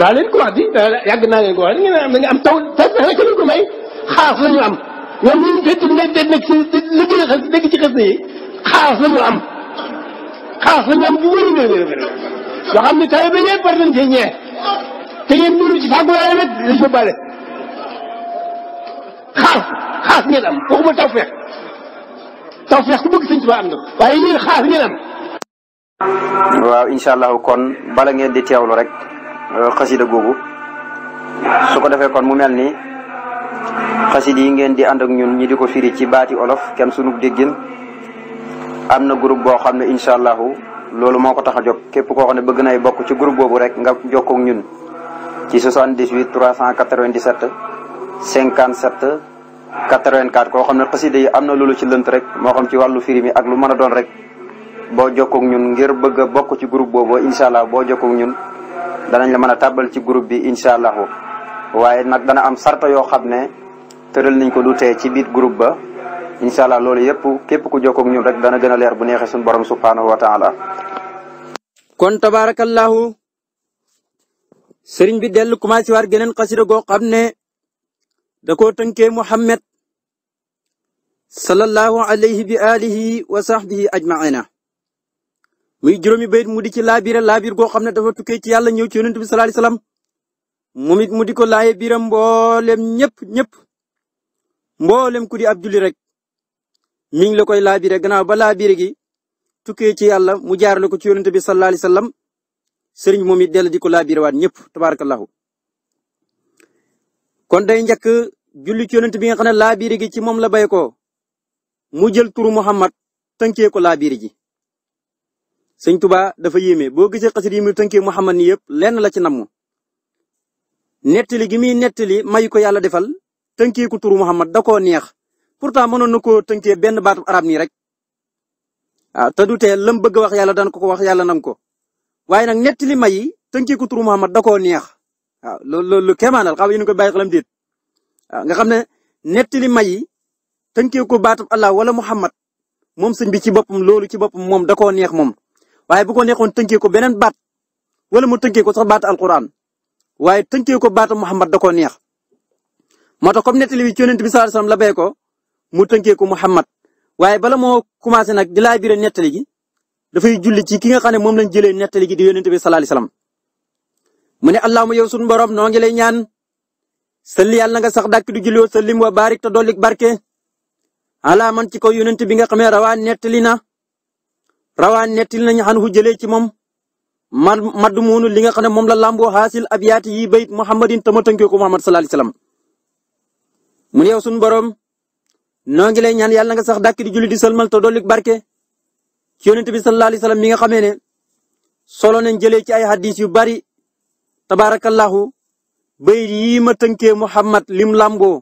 daa leen ko wax di yàgg naa leen ko wax da ngeen am da nga am taw xanaa ci lañ ko may xaas la am ñoom ñun fekk ne ci xas yi xaas la am xaas la am bu wér a wér a wér yoo te ngeen dund ci tàggooyaay rek lañ fa bale xaas xaas ngeen am waxuma tawfeex ku bëgg sëñ Tuubaa am na waaye yéen xaas ngeen am. waaw incha allahu kon bala ngeen di teewlu rek xasida googu su ko defee kon mu mel nii xasid yi ngeen di ànd ak ñun ñi di ko firi ci baati olof kenn sunu déggin am na groupe boo xam ne incha allahu loolu moo ko tax a jóg képp koo xam ne bëgg nay bokk ci group boobu rek nga jokkoo ak ñun ci 78 397 57 84 koo xam ne xasida yi am na loolu ci lënt rek moo xam ci wàllu firi mi ak lu mën a doon rek boo jokkoo kook ñun ngir bëgg a bokk ci group boobu incha allah boo jokkoo ak ñun danañ la mën a tàbbal ci groupe bi incha allahu waaye nag dana am sarta yoo xam ne tëral nañ ko du tee ci biir groupe ba incha allah loolu yëpp képp ku jokkoog ñun rek dana gën a leer bu neexee suñu borom subhaanahu wa taala. kon tabaarakallaahu sëriñ bi dellu commencé war geneen xasida goo xam ne da koo tënkee Muhammad sallallahu alayhi bi alihi wa sahbihi ajmaina muy juróomi bayit mu di ci laabire laabir goo xam ne dafa tukkee ci yàlla ñëw ci yonent bi sallallahu alayhi wasallam moom it mu di ko laaye biiram mboolem ñëpp ñëpp. mboolem ku di ab julli rek mi ngi la koy laabire gannaaw ba laabire gi tukkee ci yàlla mu jaarale ko ci yonent bi sallallahu alayhi wasallam sëriñ moom it dellu di ko laabire waat ñëpp tabarakallahu kon day njëkk julli ci yonent bi nga xam ne laabire gi ci moom la bay ko mu jël turu Muhammad tënkee ko laabire ji sëñ Tuba dafa yéeme boo gisee xasida yi muy Muhammad ni yëpp lenn la ci namm nettali gi muy nettali may ko yàlla defal tënkee ko turu Muhammad da koo neex pourtant mënoon na koo tënkee benn baatu arab nii rek waaw ah, te du tee lam bëgg wax yàlla dan ko ko wax yàlla nam ko waaye nag nettali may yi tënkee ko turu Muhammad da koo neex waaw ah, loolu loolu lu kéemaanal ko bàyyi xelam déet ah, nga xam ne nettali may yi tënkee ko baatu Allah wala Muhammad moom sëñ bi ci boppam loolu ci boppam moom da koo neex moom waaye bu ko neexoon tënkee ko beneen baat wala mu tënkee ko sax baat alquran waaye tënkee ko baatu Muhammad da koo neex. moo tax comme nettali bi ci yonent bi sallallahu alayhi wasallam ko mu tënkee ko Muhammad waaye bala moo commencé nag di laa biire nettali gi dafay julli ci ki nga xam ne moom lañ jëlee nettali gi di yonent bi sallallahu alayhi wasallam mu ne allahumma yow sunu borom noo ngi lay ñaan salli yàlla nga sax dàkk du julliwoo sallim wa barik te dollik barke ala man ci kaw yonent bi nga xam ne rawaan nettali na rawaan nettali nañu xan hu jëlee ci moom man madumuunu li nga xam ne moom la lamboo xaasil abyaati yi bayit muhammadin tama tënkee ko muhammad sallallahu alayhi wasallam mu yow sunu borom noo ngi lay ñaan yàlla nga sax dàkk di julli di sëlmal te dolli barke ci yonent bi sallallahu alayhi wasallam mi nga xamee ne solo nañ jëlee ci ay hadis yu bari tabaarakallahu bay yii ma tënkee Muhammad lim làmboo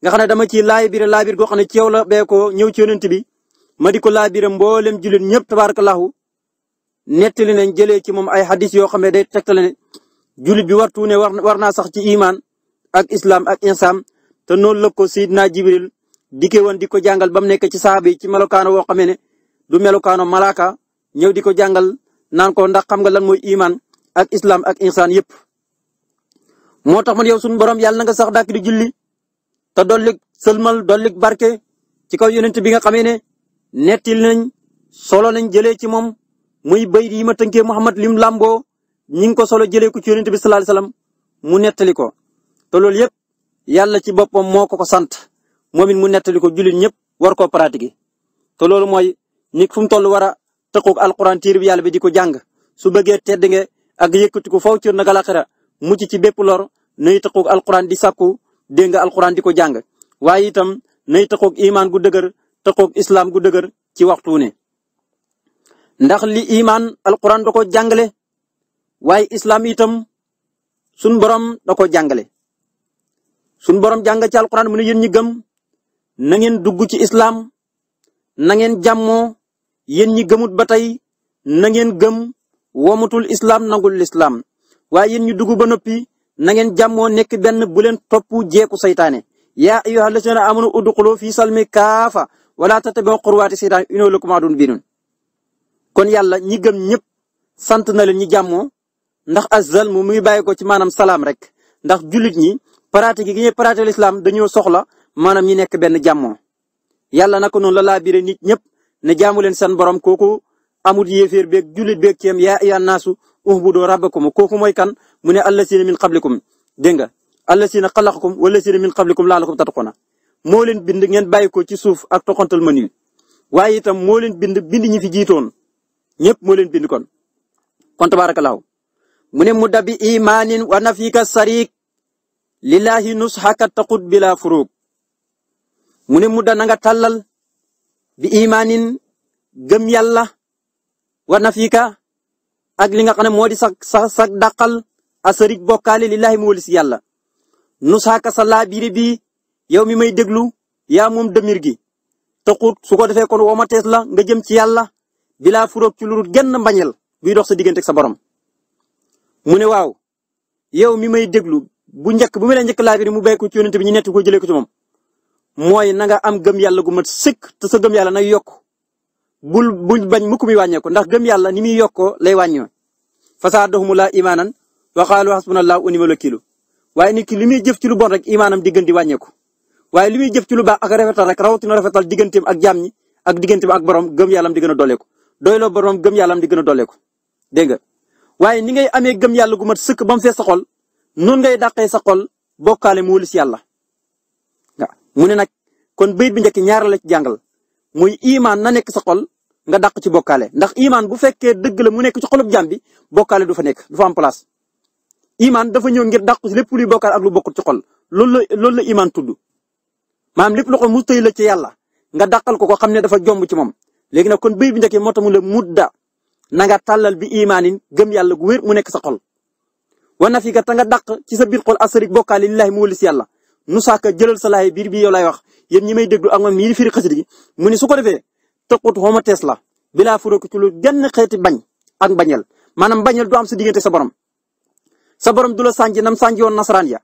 nga xam ne dama ci laabire laabir goo xam ne ci yow la bee ko ñëw ci yonent bi ma di ko laabire mboolem jullit ñëpp tabaarakallahu nettali nañ jëlee ci moom ay hadis yoo xam ne day tegtale ne jullit bi wartu ne war war naa sax ci imaan ak islam ak insaam te noonu la ko Seydina Jibril dikkee woon di ko jàngal ba mu nekk ci saaba yi ci melokaano woo xamee ne du melokaano malaaka ñëw di ko jàngal naan ko ndax xam nga lan mooy iman ak islam ak insaan yëpp. moo tax ma yow sunu borom yàlla na nga sax dàkk di julli te dolli sëlmal dolli barke ci kaw yonent bi nga xamee ne nettil nañ solo nañ jëlee ci moom muy bay yi ma tënkee Muhammad lim làmboo ñi ngi ko solo jëlee ko ci yonent bi sallallahu alayhi wasallam mu nettali ko te loolu yëpp yàlla ci boppam moo ko ko sant moom it mu nettali ko jullit ñëpp war koo pratiquer te loolu mooy nit fu mu toll war a tëqoog alquran bi yàlla bi di ko jàng su bëggee tedd nge ak yëkkati ko faw cër na galaxira mucc ci bépp lor nay tëqoog alquran di sàkku dégg nga alquran di ko jàng waaye itam nay tëqoog imaan gu dëgër tëqoog islam gu dëgër ci waxtu ne ndax li imaan alquran da ko jàngale waaye islam itam sun borom da ko jàngale suñ borom jàng ci alquran mu ne yéen ñi gëm na ngeen dugg ci islaam na ngeen jàmmoo yéen ñi gëmut ba tey na ngeen gëm womatul islaam nangul lislaam waaye yéen ñu dugg ba noppi na ngeen jàmmoo nekk benn bu leen topp jeeku saytaane yaa ayyuha allazina amanu udxulu fi salmi kaafa wala tattabiu xurwaati saytaan innahu lakum aduwwun mubiin kon yàlla ñi gëm ñëpp sant na leen ñi jàmmoo ndax azal mu muy bàyyi ko ci maanaam salaam rek ndax julit ñi pratique gi ñuy pratique l'islam dañoo soxla maanaam ñi nekk benn jàmmoo yàlla naka noonu la laa biree nit ñëpp ne jaamu leen seen borom kooku amul yéeféer beeg jullit beeg ceem yaa ayyuha naasu ubudu rabbakum kooku mooy kan mu ne allasiina min qablikum dégg nga allasiina xalaqakum wallasiina min qablikum laalakum tattaquna moo leen bind ngeen bàyyi ci suuf ak toxantal mën yi waaye itam moo leen bind bind ñi fi jiitoon ñëpp moo leen bind kon kon tabaarakallaahu mu ne wa nafika sarik lillaahi nus xaka taqut bila furuuk mu ne mudda na nga tàllal bi imaanin gëm yàlla wa nafika ak li nga xam ne moo di sax sax sax dàqal asarik bokkaale lillaahi mu walis yàlla nus xaka sa laabiire bi yow mi may déglu ya moom demir gi taqut su ko defee kon womatees la nga jëm ci yàlla bila furuuk ci lu genn mbañel buy dox sa diggante sa borom mu ne waaw yow mi may déglu bu njëkk bu mu leen njëkk laabiri mu bàyyi ko ci yonent bi mooy na am gëm yàlla gu mat sëkk sa gëm yàlla nag yokk bul bul bañ mukk i wàññeeku ndax gëm yàlla ni muy yokkoo lay wàññoo fasaadahum laa imaanan wa qaalu hasbunallahu wa ni'mal wakiilu waaye nit ki li muy jëf ci lu bon rek imaanam diggan di wàññeeku waaye li muy jëf ci lu baax ak rafetal rek rawatina rafetal digganteem ak jaam ak digganteem ak borom gëm yàllam di gën a dooleeku doyloo borom gëm yàllam di gën a dooleeku dégg nga waaye ni ngay amee gëm yàlla gu mat sëkk ba mu fees sa nun ngay dàqee sa xol bokkaale mu wëlis yàlla waaw mu ne nag kon bayit bi njëkk ñaar la ci jàngal muy imaan na nekk sa xol nga dàq ci bokkaale ndax imaan bu fekkee dëgg la mu nekk ci xolub jaam bi bokkaale du fa nekk du fa am dafa ñëw ngir dàq lépp luy bokkaale ak lu bokkut ci xol loolu la loolu la imaan tudd maanaam lépp lu ko mu tëy la ci yàlla nga dàqal ko ko xam ne dafa jomb ci moom léegi nag kon bayit bi njëkk moo tax mu la mudda na nga tàllal bi imaanin gëm yàlla gu wér mu nekk sa xol wana fi ka ta nga dàq ci sa biir xol asarik bokkaale lillahi mu wëlli si yàlla nusaaka jëlal sa laay biir bii yow laay wax yéen ñi may déglu ak man mii di firi xasida gi mu ni su ko defee tëqut xoma tees la bilaa furóoku ci lu genn xeeti bañ ak bañel maanaam bañel du am sa diggante sa borom sa borom du la sànji nam sànji woon nasaraan ya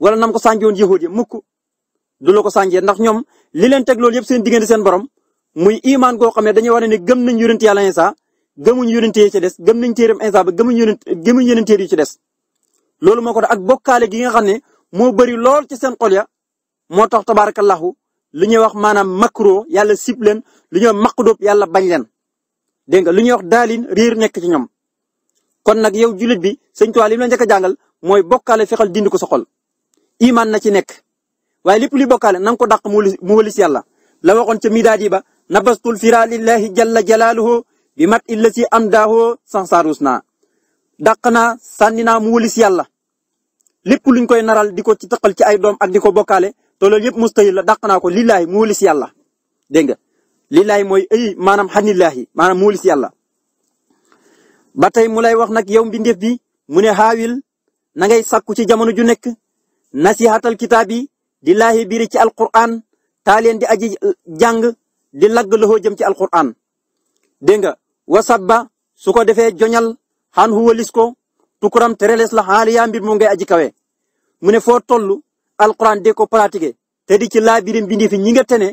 wala nam ko sànji woon yahuud ya mukk du la ko sànjee ndax ñoom li leen teg loolu yëpp seen diggante seen borom muy imaan goo xam ne dañuy wane ne gëm nañ yonent yàlla Iisaa gëmuñ yonent yi ci des gëm nañ téeram Iisaa ba gëmuñ yonent gëmuñ yi ci des loolu moo ko def ak bokkaale gi nga xam ne moo bëri lool ca seen xol ya moo tax laxu li ñuy wax maanaam makro yàlla sib leen lu ñuy wax maqdub yàlla bañ leen dégg nga lu ñuy wax daalin riir nekk ci ñoom kon nag yow jullit bi sëñ Tuubaa li mu njëkk a jàngal mooy bokkaale fexal dindi ko sa xol iman na ci nekk waaye lépp li bokkaale nang nga ko dàq mu wëlis yàlla la waxoon ca midaadi ba nabastul fira lillahi jalla jalaaluhu bi mat illati am daahoo sansaarus naa dàq naa sànni naa mu wëlis yàlla lépp luñ koy naral di ko ci taqal ci ay doom ak di ko bokkaale te loolu yëpp mustahil la dàq naa ko lillahi muulis yàlla dégg nga lillahi mooy ay maanaam xanillahi maanaam muulis yàlla. ba tey mu lay wax nag yow mbindeef bi mu ne xaawil na ngay sàkku ci jamono ju nekk nasihatal kitaab yi di laahi biiri ci alquran taa leen di aji eh, jàng di lagg loxo jëm ci alquran dégg nga wasabba su ko defee joñal xaan huwalis ko tukuram terelees la xaaliyaa mbir moom ngay aji kawe mu ne foo toll alquran de ko pratiquer te di ci laabire mbindi fi ñi nga tene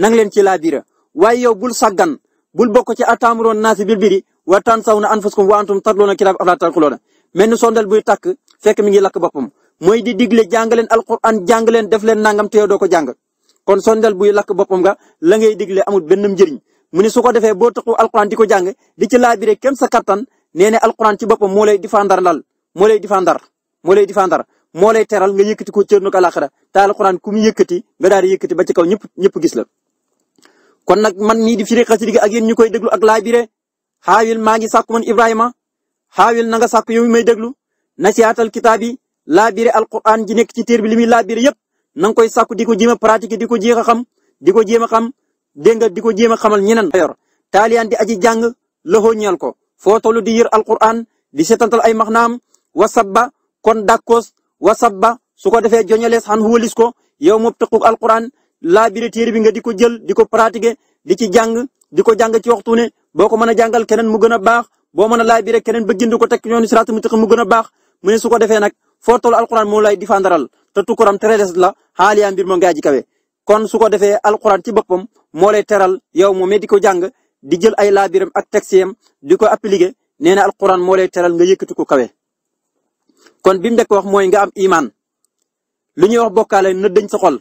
nang leen ci laabira waaye yow bul saggan bul bokk ci ataamuroon naasi bil biri wa tansawna anfusakum wa antum tatluuna kitaab afalaa taquluuna mel ni sondal buy takk fekk mi ngi lakk boppam mooy di digle jàng leen alquran jàng leen def leen nangam te yow doo ko jàng kon sondal buy lakk boppam nga la ngay digle amul benn njëriñ mu ne su ko defee boo taxu alquran di ko jàng di ci laabire kem sa kattan nee al alquran ci boppam moo lay difandar lal moo lay difandar moo lay difandar moo lay teral nga yëkkati ko cërnu ko alaxira ta alquran ku mu yëkkati nga daal di yëkkati ba ci kaw ñëpp ñëpp gis la. kon nag man mii di firi xasida gi ak yéen ñu koy déglu ak laabire xaawil maa ngi sàkku man Ibrahima xaawil nanga nga sàkku yow may déglu nasihaatal kitaab yi laabire alquran ji nekk ci téer bi li muy laabire yëpp nanga koy sàkku di ko jéem a di ko jéem a xam di ko jéem a xam dégg di ko jéem a xamal ñeneen yor taaliyaan di aji jàng loxo ñeel ko foo toll di yër alquran di setantal ay maxnaam wasabba kon dakkoos wasabba su ko defee joñalees xan wëlis ko yow moom tëquk alquran laabire téere bi nga di ko jël di ko pratiquer di ci jàng di ko jàng ci waxtu ne boo ko mën a jàngal keneen mu gën a baax boo mën a laabire keneen ba gindi ko teg ñoom siraat mu tëq mu gën a baax mu ne su ko defee nag foo toll alquran moo lay difandaral te tukkuram tereles la xaaliyaa mbir mo ngaa ji kawe kon su ko defee alquran ci boppam moo lay teral yow moom di ko jàng di jël ay laabiram ak textiyam di ko appliquer nee na alquran moo lay teral nga yëkkati ko kawe. kon bi mu nekk wax mooy nga am imaan lu ñuy wax bokkaale na dañ sa xol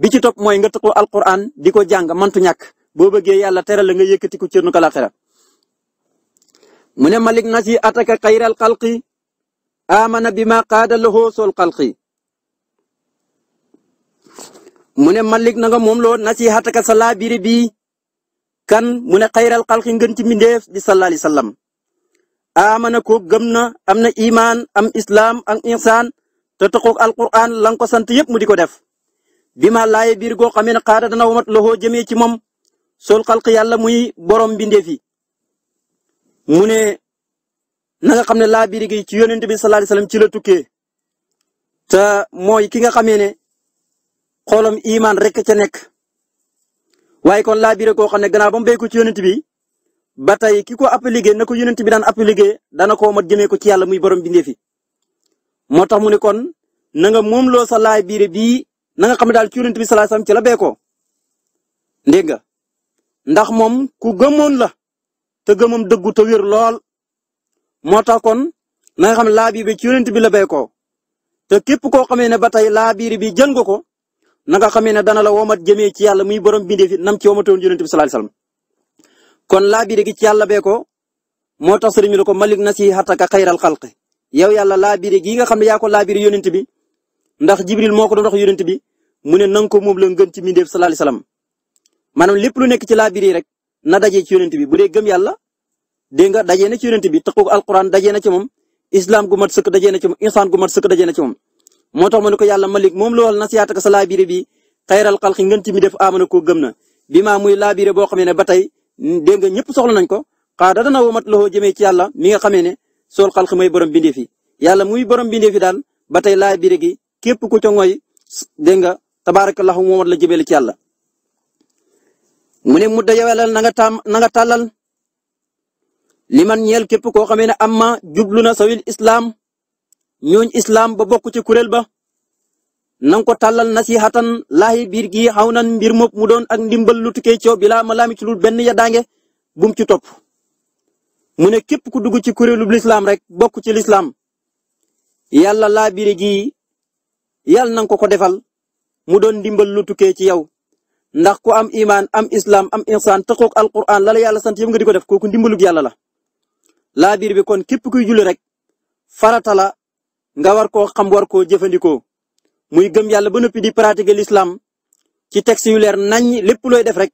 bi ci topp mooy nga tëqu alquran di ko jàng mantu ñàkk boo bëggee yàlla teral nga yëkkati ko cërnu kalaxira mu ne malik nasi ataka xayral xalqi amana bi ma qaada lahoo sol xalqi ne malik na nga moom loo nasi ataka sa laabiri bii kan mu ne xayral xalqi ngën ci mbindeef di sallallahu alayhi wasallam amana ko gëm na am na imaan am islaam am insaan te taxoog alquran lan ko sant yëpp mu di ko def bi ma laaye biir goo xamee ne xaada dana womat loxoo jëmee ci moom sol xalq yàlla muy borom mbindeef yi mu ne na xam ne laa biir ci yonent bi sallallahu alayhi wasallam ci la tukkee te mooy ki nga xamee ne xoolam imaan rek ca nekk waaye kon laa biire koo xam ne gannaaw ba mu béy ci yonent bi ba tey ki ko appliqué na ko yonent bi daan appliqué dana koo mat jëmee ko ci yàlla muy borom bindee fi moo tax mu ne kon na nga moom loo sa laa biire bii na nga xam ne daal ci yonent bi sallallahu alayhi wasallam ci la bee ko nga ndax moom ku gëmoon la te gëmam dëggu ta wér lool moo tax kon na xam ne laa bi ci yonent bi la bee ko te képp koo xamee ne ba tey laa biir bi jël nga ko na nga xamee ne dana la womat jëmee ci yàlla muy borom bindee fi nam ci womatoon yonent bi sallallahu alayhi wasallam kon laabire gi ci yàlla bee ko moo tax sëriñ bi ne ko malik nasihataka xayral xalqi yow yàlla laabire gii nga xam ne yaa ko laabire yonent bi ndax jibril moo ko doon wax yonent bi mu ne nang ko moom la ngën ci mbindeef sallallahu alayhi wasallam maanaam lépp lu nekk ci laabire rek na daje ci yonent bi bu dee gëm yàlla dégg nga dajee na ci yonent bi taqu alquran dajee na ci moom islam gu mat sëkk dajee na ci moom insaan gu mat moo tax ma ne ko yàlla malik moom lool nasiyaataka sa laabire bi xayral xalqi ngeen ci mi def amana ko gëm na bi maa muy laabire boo xamee ne ba tey dégg nga ñëpp soxla nañ ko xaa da dana womat loxo jëmee ci yàlla mi ga xamee ne sool xalqi mooy borom bindee fi yàlla muy borom bindee fi daal ba tey laabire gi képp ku ca ngoy dégg nga tabaarakallahu moomat la jëmee ci yàlla mu ne mu dajawelal na nga tam na li man ñeel képp koo xamee ne amma jublu na sawil islam ñooñ islaam ba bokk ci kuréel ba nang ko tàllal nasihatan laahi biir gi xaw nan mbir moom mu doon ak ndimbal lu tukkee coow bi laa ma ci lul benn ya daange bum ci topp mu ne képp ku dugg ci kuréelu lislaam rek bokk ci lislaam yàlla laa biir gi yàlla nang ko ko defal mu doon ndimbal lu tukkee ci yow ndax ku am imaan am islam am insaan tëqoog alquran la la yàlla sant yëpp nga di ko def kooku ndimbalug yàlla la laa biir kon képp kuy julli rek farata nga war koo xam war koo jëfandikoo muy gëm yàlla ba noppi di pratique lislaam ci texte yu leer naññ lépp looy def rek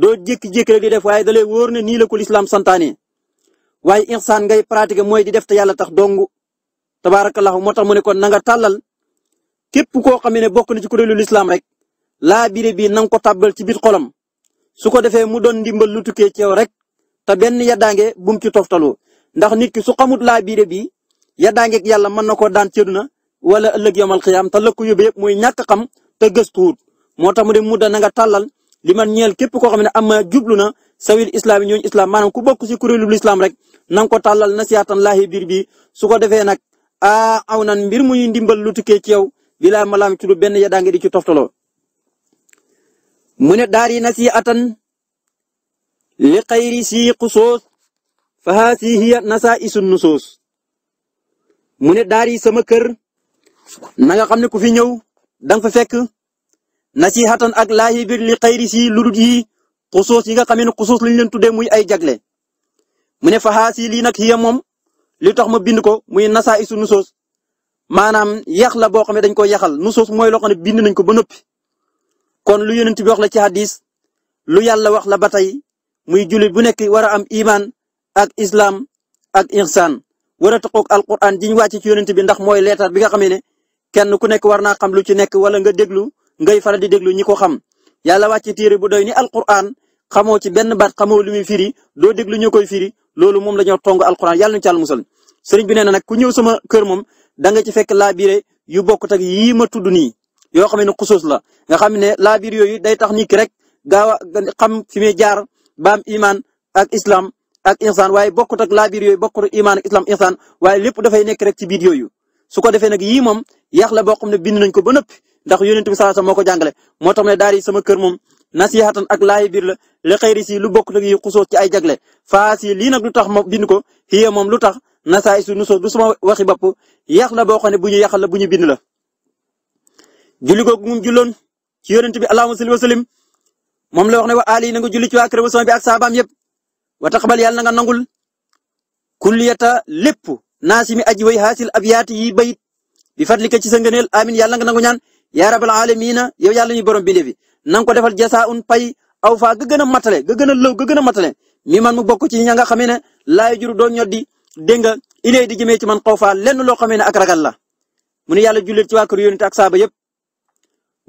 doo jékki-jékki rek di def waaye da lay wóor ne nii la ko l'islam santaane waaye ihsaan ngay pratiquer mooy di def te yàlla tax dong tabaarakallahu moo tax mu ne kon na tàllal képp koo xam ne bokk na ci ko kuréelu lislaam rek laa bire bii na nga ko tàbbal ci biir xolam su ko defee mu doon ndimbal lu tukkee ci yow rek te benn yaddaange bum ci toftalu ndax nit ki su xamut bii yeddaangeeg yàlla mën na koo daan ci àddina wala ëllëg yomal xiyaam te lëkk yóbbu yëpp mooy ñàkk xam te gëstuwut moo tax mu de mudda na nga tàllal li man ñeel képp koo xam ne am jublu na sawil islam yi ñooñu islam maanaam ku bokk si kuréelu lislaam rek na nga ko tàllal nasiyaatan laahi biir bi su ko defee nag aa aw nan mbir muy ndimbal lu tukkee ci yow bilaa malaam ci lu benn yeddaange di ci toftaloo mu ne daar yi nasiyaatan li xayri si xusoos fa haasi hiya nasaisun nusoos mu ne daar yi sama kër na nga xam ne ku fi ñëw da nga fa fekk na si xatan ak laahi biir li xayri si lu dul yi xusuus yi nga xam ne xusuus lañ tu tuddee muy ay jagle mu ne faxaas yi lii nag xiya moom li tax ma bind ko muy nasa isu nusoos maanaam yax la boo xam ne dañ ko yaxal nusoos mooy loo xam ne bind nañ ko ba noppi kon lu yonent bi wax la ci hadis lu yàlla wax la ba tey muy jullit bu nekk war a am iman ak islam ak ihsan war a taqoog alquran jiñ wàcc ci yonent bi ndax mooy leetar bi nga xamee ne kenn ku nekk war naa xam lu ci nekk wala nga déglu ngay faral di déglu ñi ko xam yàlla wàcc téere bu doy ni alquran xamoo ci benn baat xamoo lu muy firi doo déglu ñu koy firi loolu moom la ñoo tong alquran yàlla ñu ci àll musal sëriñ bi nee na nag ku ñëw sama kër moom da nga ci fekk laabire yu bokkut ak yii ma tudd nii yoo xam ne xusuus la nga xam ne laabire yooyu day tax nit rek gaaw a xam fi muy jaar baam iman ak islam ak ihsaan waaye bokkut ak laabir yooyu bokkut ak imaan ak islam ihsaan waaye lépp dafay nekk rek ci biir yooyu su ko defee nag yi moom yàq la boo xam ne bind nañ ko ba noppi ndax yonent bi sallallahu alayhi wasallam moo ko jàngale moo tax ne daal yi sama kër moom nasihatan ak laay biir la li xëyri si lu bokk nag yi xusoo ci ay jagle faas yi lii nag lu tax ma bind ko xiyee moom lu tax nasaay su nusoo du sama waxi bopp yàq la boo xam ne bu ñu yàqal la bu ñu bind la julli googu moom julloon ci yonent bi allahumma salli la wax ne wa ali na nga julli ci waa yëpp wa taqbal yàlla na nga nangul kulliyata lépp naasimi aji way haasil abyaati yi bayit bi fadlika ci sa ngëneel amin yàlla nga nangu ñaan yaa rabal aalamiina yow yàlla ñuy borom bindéef yi nang ko defal jasaa'un pay aw faa ga gën a matale ga gën a lëw ga gën a matale mi man mu bokk ci ña nga xamee ne laay juru doo ñoddi dégg nga ilay di jëmee ci man xaw lenn loo xamee ne ak ragal la mu ne yàlla jullit ci waa kër yonent ak saaba yëpp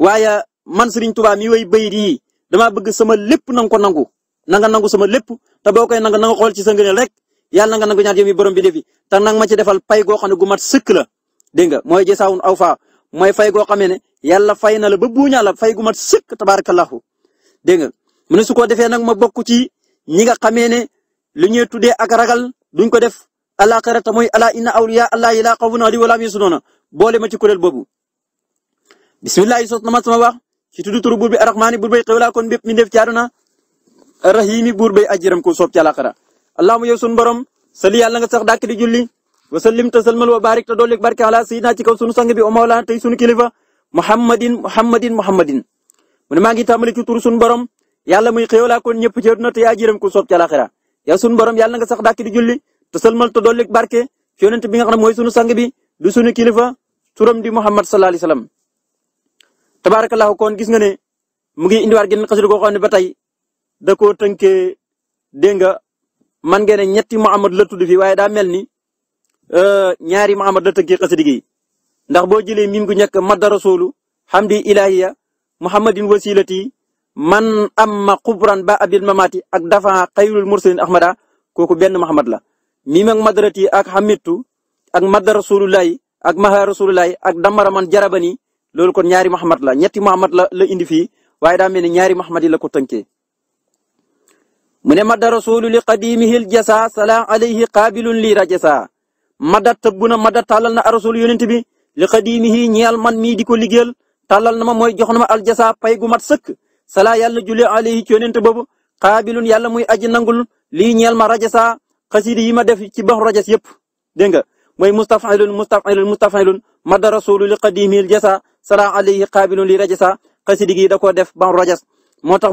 waaye man Serigne Touba mi way bayit yi dama bëgg sama lépp nang ko nangu nanga nga nangu sama lépp te boo koy nangu na nga xool ci sa ngëneel rek yàlla na nga nangu ñaar jëm borom bi defi te nag ma ci defal pay goo xam ne gu mat sëkk la dégg nga mooy jasaawun aw faa mooy fay goo xamee ne yàlla fay na la ba buuñaa la fay gu mat sëkk tabaarakallahu dégg nga mu ne su ko defee nag ma bokk ci ñi nga xamee ne lu ñuy tuddee ak ragal duñ ko def alaxira te mooy ala ina aw allahi la xawfun alayhim wa la hum yahzanun boole ma ci kuréel boobu bismillahi sot na ma sama wax ci tuddu turu buur bi kon bépp mi def ci àdduna rahimi buur bay ajiram ko soob ci àllaaxira allahumma yow sunu borom sali yàlla nga sax dàkk di julli wa sallim te salmal wa barik te dolli barke ala sayyidina ci kaw sunu sang bi o mawlana tey sunu kilifa muhammadin muhammadin muhammadin mu ne maa ngi tàmbali ci tur sunu borom yàlla muy xéewalaa kon ñëpp ci àdduna te yaa jiram ko soob ci àllaaxira yow sunu borom yàlla nga sax dàkk di julli te salmal te dolli barke ci yonent bi nga xam ne mooy sunu sang bi du sunu kilifa turam di muhammad sallallahu alayhi wasallam tabarakallahu kon gis nga ne mu ngi indiwaat genn xasida goo xam ne ba tey da koo tënkee dégg nga man ngeen ne ñetti Muhammad la tudd fii waaye daa mel ni euh, ñaari Muhammad la tënkee xasida ndax boo jëlee mim gu ñàkk madda rasulu hamdi ilahiya muhammadin wasilati man amma xubran ba abil mamati ak dafa xayrul mursalin ahmada kooku benn Muhammad la mim ak madarati ak hamitu ak madda rasulullahi ak maha rasulullahi ak damara man jarabani loolu kon ñaari Muhammad la ñetti Muhammad la la indi fii waaye daa mel ni ñaari Muhammad yi la ko tënkee mu ne madda rasulu li qadimihil jasa sala alayhi qaabilun lii rajasa madda tëbb na madda tàllal na arasul yonent bi li qadimihi ñeel man mii di ko liggéeyal tàllal na ma mooy jox na ma aljasa pay gu mat sëkk sala yàlla julli alayhi ci yonent boobu qaabilun yàlla muy aji nangul lii ñeel ma rajasa xasidi yi ma def ci baxru rajas yëpp dégg nga mooy mustafilun mustafilun mustafilun madda rasulu li qadimihil jasa sala alayhi qaabilun lii rajasa xasidi gi da koo def baxru rajas moo tax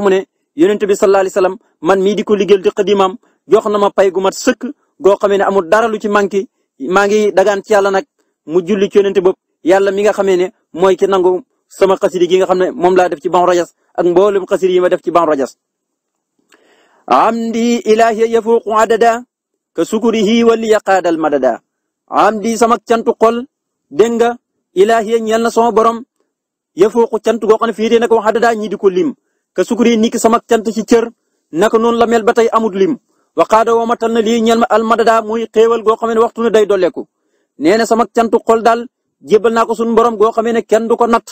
yonent bi sallallahu alayhi wasallam man mii di ko liggéeyal di xadimaam jox na ma pay gu mat sëkk goo xamee ne amul dara lu ci manqué maa ngi dagaan ci yàlla nag mu julli ci yonent yàlla mi nga xamee ne mooy ki nangu sama xasida gi nga xam ne moom laa def ci ban rajas ak mboolem xasida yi ma def ci ban rajas amdi ilahiya yafuqu adada ka sukurihi wali yaqaadal madada amdi sama cantu xol dégg nga ilahiya ñeel na sama borom yafuqu cant goo xam ne fii dee na ko wax adada ñi di ko lim ka sukuri niki sama cant ci cër naka noonu la mel ba tey amut lim waxaada woo matal na lii ñel ma almadada muy xéewal goo xam ne waxtu ne day dolleeku nee na sama cantu xol daal jébbal naa ko suñu borom goo xamee ne kenn du ko natt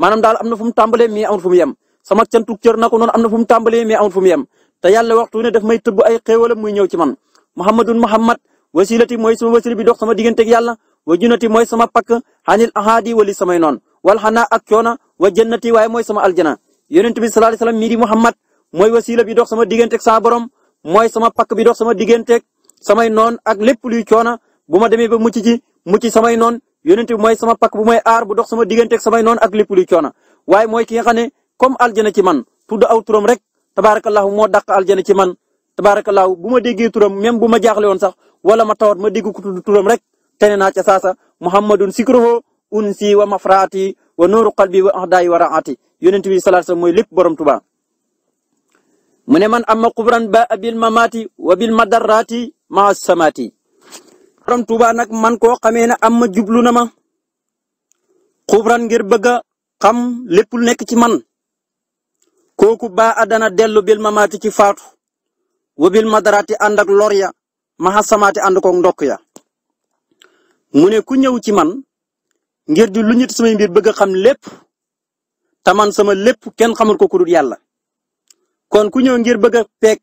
maanaam daal am na fu mu tàmbalee mais amul fu mu yem sama cantu cër naka noonu am na fu mu tàmbalee mi amul fu mu yem te yàlla waxtu ne daf may tëbb ay xéewalam muy ñëw ci man muhammadun muhammad wasilati mooy sama wasila bi dox sama digganteeg yàlla wa junati mooy sama pakk xanil ahadi wali samay noon wal xanaa ak coona wa jannati waaye mooy sama aljana yonent bi sallallahu alayhi wasallam mii di Muhammad mooy wasila bi dox sama digganteeg saa borom mooy sama pakk bi dox sama digganteeg samay noon ak lépp luy coona bu ma demee ba mucc ji mucc samay noon yonent bi mooy sama pakk bu may aar bu dox sama digganteeg samay noon ak lépp luy coona waaye mooy ki nga xam ne comme aljana ci man tudd aw turam rek tabaarakallahu moo dàq aljana ci man tabaarakallahu bu ma déggee turam même bu ma jaaxle woon sax wala ma tawat ma dégg ku tudd turam rek tene naa ca saasa muhammadun sikruhu unsi wa mafraati wa nuuru qalbi wa ahdaay wa raati yonent bi sallallahu alayhi wasallam mooy lépp borom Tuubaa mu ne man amma kubran ba abil mamati wa bil madarrati ma samati borom Tuubaa nag man koo xamee ne am ma jublu na ma kubran ngir bëgg a xam lépp lu nekk ci man kooku ba adana dellu bil mamati ci fatu wa bil madarrati ànd ak lor ya ma samaati ànd koog ndokk ya mu ne ku ñëw ci man ngir di lu ñit samay mbir bëgg a lépp taman sama lépp kenn xamul ko ku dul yàlla kon ku ñëw ngir bëgg a peeg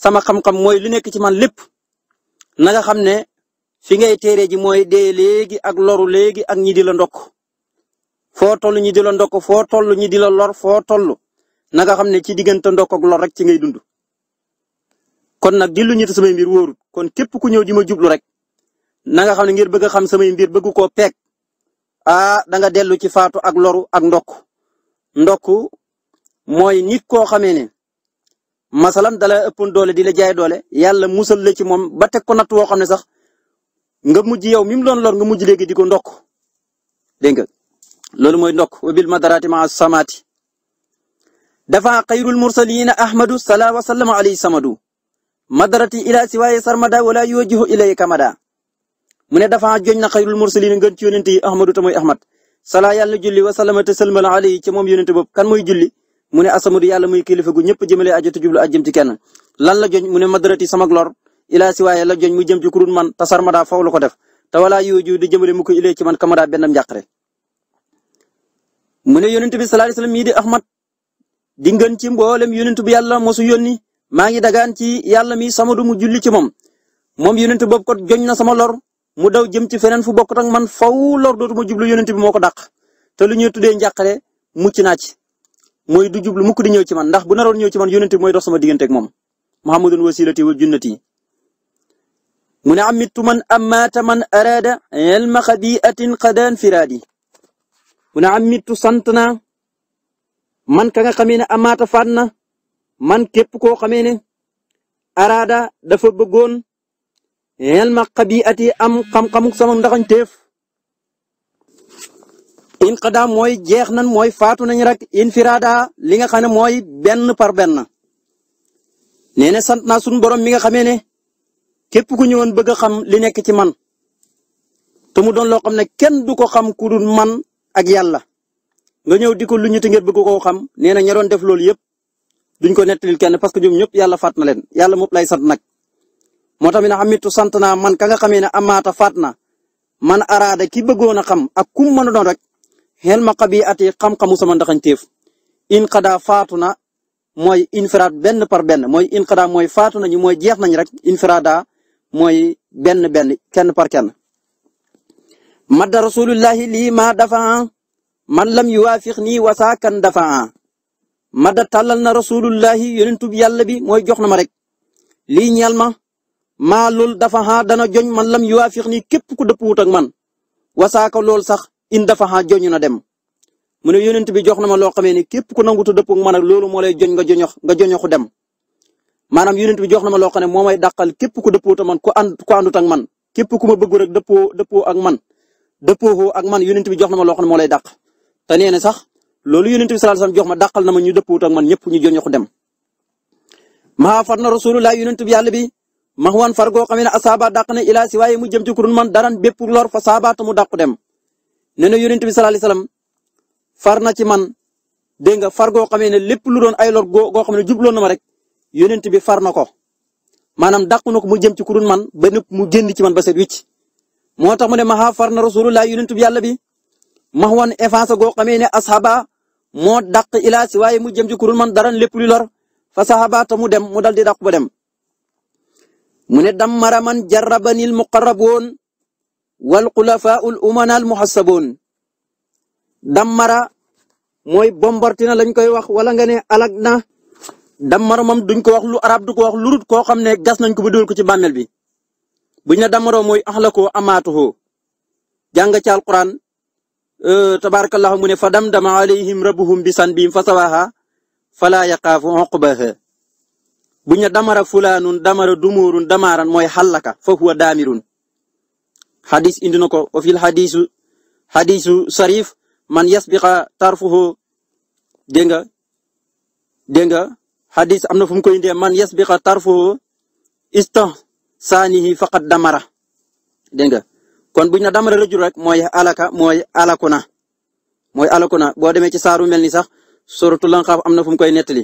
sama xam-xam mooy li nekk ci man lépp na nga xam ne fi ngay téere ji mooy dé léegi ak loru léegi ak ñi di la ndokk foo toll ñi di la ndokk foo toll ñi di la lor foo toll na nga xam ne ci diggante ndok ak lor rek ci ngay dund. kon nag di lu sama samay mbir kon képp ku ñëw di ma jublu rek na nga xam ne ngir bëgg xam samay mbir bëgg koo peeg ah da nga dellu ci faatu ak loru ak ndokk. ndok mooy nit koo xamee ne masalan dala ëppoon doole di la jaay doole yàlla musal la ci moom ba teg ko natt woo xam ne sax nga mujj yow mi mu doon lor nga mujj léegi di ko ndokk dégg nga loolu mooy ndokk wabil madaraati ma samaati dafa xayrul mursalina ahmadu sala wa sallama alayhi samadu madarati ila siwaaye sarmada wala yuwajihu ilay kamada mu ne dafa joñ na xayrul mursalina ngën ci yonente yi ahmadu te mooy ahmad salaa yàlla na julli wa salaama te sëlmal ci moom yonent boobu kan mooy julli mu ne asamadu yàlla muy kilifa gu ñëpp jëmale aju te jublu ajjëm ci kenn lan la joñ mu ne madarati samag lor ilaa si waaye la joñ mu jëm ci man tasar ma daa faw la ko def te walaa yooju di jëmale mu ko ilee ci man kama daa benn njàqare mu ne yonent bi salaa salaam yi di ahmad di ngën ci mboolem yonent bu yàlla mosu yónni maa ngi dagaan ci yàlla mi samadu mu julli ci moom moom yonent boobu ko joñ na sama lor mu daw jëm ci feneen fu bokkut ak man faw lor dootuma jublu yonent bi moo ko dàq te lu ñuy tuddee njàqare mucc naa ci mooy du jublu mukk di ñëw ci man ndax bu naroon ñëw ci man yonent bi mooy dox sama digganteeg moom muhammadun wasilati wa junnati mu ne amittu man amaata man araada ilma xabiatin qadaan firaadi mu ne amittu sant naa man ka nga xamee ne amaata faat na man képp koo xamee ne araada dafa bëggoon ilma xabiati am xam-xamuk sama ndaxañ teef in xadaa mooy jeex nan mooy faatu nañ rek infiraada li nga xam ne mooy benn par benn nee na sant naa suñu borom mi nga xamee ne képp ku ñëwoon bëgg a xam li nekk ci man te mu doon loo xam ne kenn du ko xam ku man ak yàlla nga ñëw di ko lu ñu te bëgg koo xam nee na ña doon def loolu yëpp duñ ko nettalil kenn parce que ñoom ñëpp yàlla faat lay sant nag moo tax mi ne xamitu sant naa man ka nga xamee ne amaata faat na man araada ki bëggoon a xam ak kum mën a doon rek xel ma xabi ati xam-xamu sama ndaxañteef in xadaa faatu na mooy infiraat benn par benn mooy in xadaa mooy faatu nañu mooy jeex nañ rek infiraada mooy benn benn kenn par kenn. madda rasulullahi lii maa dafaa man lam yuwaafiq nii wasaakan dafaa madda tàllal na rasulullahi yonentub yàlla bi mooy jox na ma rek lii ñeel ma maa loolu dafa xaa dana joñ man lam yuwaafiq nii képp ku dëpp wut ak man wasaaka loolu sax in dafa xaa joñ na dem mu ne yonent bi jox na ma loo xamee ni képp ku nangutu dëpp ak man ak loolu moo lay joñ nga joñox nga joñoxu dem maanaam yonent bi jox na ma loo xam ne moo may dàqal képp ku dëppoo man ku ànd ku àndut ak man képp ku ma bëgg rek dëppoo dëppoo ak man dëppoo ak man yonent bi jox na ma loo xam ne moo lay dàq te nee na sax loolu yonent bi sallallahu alayhi wasallam jox ma dàqal na ma ñu dëppoo ak man ñëpp ñu joñoxu dem maxwan far goo xam ne asaaba daq na ilaa si waaye mu jëm ci kurun man daran bépp lor fa saabaata mu dàqu dem nee na yonent bi sallallahu alayhi wasallam far na ci man dégg nga far goo xamee ne lépp lu doon ay lor goo goo xam ne jubloon na ma rek yonent bi far na ko maanaam dàqu na ko mu jëm ci kurun man ba nëpp mu génn ci man ba set wicc moo tax mu ne maxa far na rasulullah yonent bi yàlla bi maxwan efface goo xamee ne asaaba moo daq ilaa si waaye mu jëm ci kurun man daran lépp lu lor fa saabaata mu dem dal di dàqu ba dem. mu ne dammara man jarrabani al muqarraboon wal xulafaa ul umana al muhasaboon dammara mooy bombartina lañ koy wax wala nga ne alag na dammara moom duñ ko wax lu arab du ko wax lu rut koo xam ne gas nañ ko ba dugal ko ci bàmmeel bi buñ ne dammaroo mooy axlakoo amaatuhoo jàng ci alquran euh, tabarakallahu mu ne dam damdama alayhim rabbuhum bi sanbihim fa sawaaha fala yaqaafu uqbaha bu ñu damara fulaanun damara dumuurun damaaran mooy xallaka fa huwa daamirun xadis indi na ko wa fil xadisu xadisu sarif man yasbiqa tarfuhu dégg nga dégg nga xadis am na fu mu koy indee man yasbiqa tarfuhu istan saanihi faqat damara dégg nga kon bu ñu la damara rëjul mooy alaka mooy alakuna mooy alakuna boo demee ci saaru mel ni sax suratul Anqaaf am na fu mu koy nettali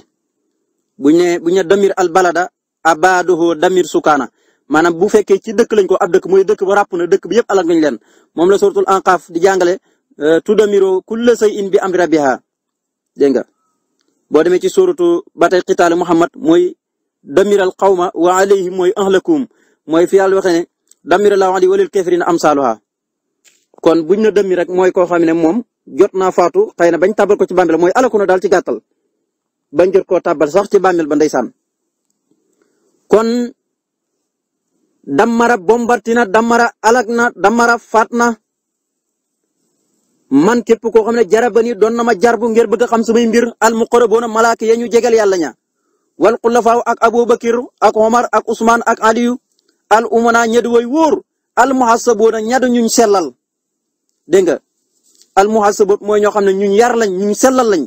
bu ñu nee bu ñu damir al balada abaduhu damir sukaana maanaam bu fekkee ci dëkk lañ ko ab dëkk mooy dëkk ba ràpp na dëkk bi yëpp alal nañ leen moom la suratul anqaaf di jàngale euh, tudamiro kulla shay'in bi amri rabbiha dégg nga boo demee ci suratu ba tey xitaale Muhammad mooy damiral qawma wa alayhim mooy ahlakum mooy fi yàlla waxee ne damira laahu alayhi walil kafirina amsaluha kon buñ na dëmmi rek mooy ko xam ne moom jot naa faatu xëy na bañ tabal ko ci bàmbeel mooy alaku na ci gàttal bañ jot koo tàbbal sax ci bàmmeel ba ndeysaan kon damara bombarti na damara alak na damara faat na man képp koo xam ne jarabani doon na ma jarbu ngir bëgg a xam samay mbir al muqarrabuuna malaaka ya ñu jegal yàlla ña wal xulafaaw ak abubakir ak omar ak usmaan ak aliyu al umana ñadu way wóor al muhasabuuna ñadu ñuñ sellal dégg nga al muhasabuut moy ñoo xam ne ñuñ yar lañ ñuñ sellal lañ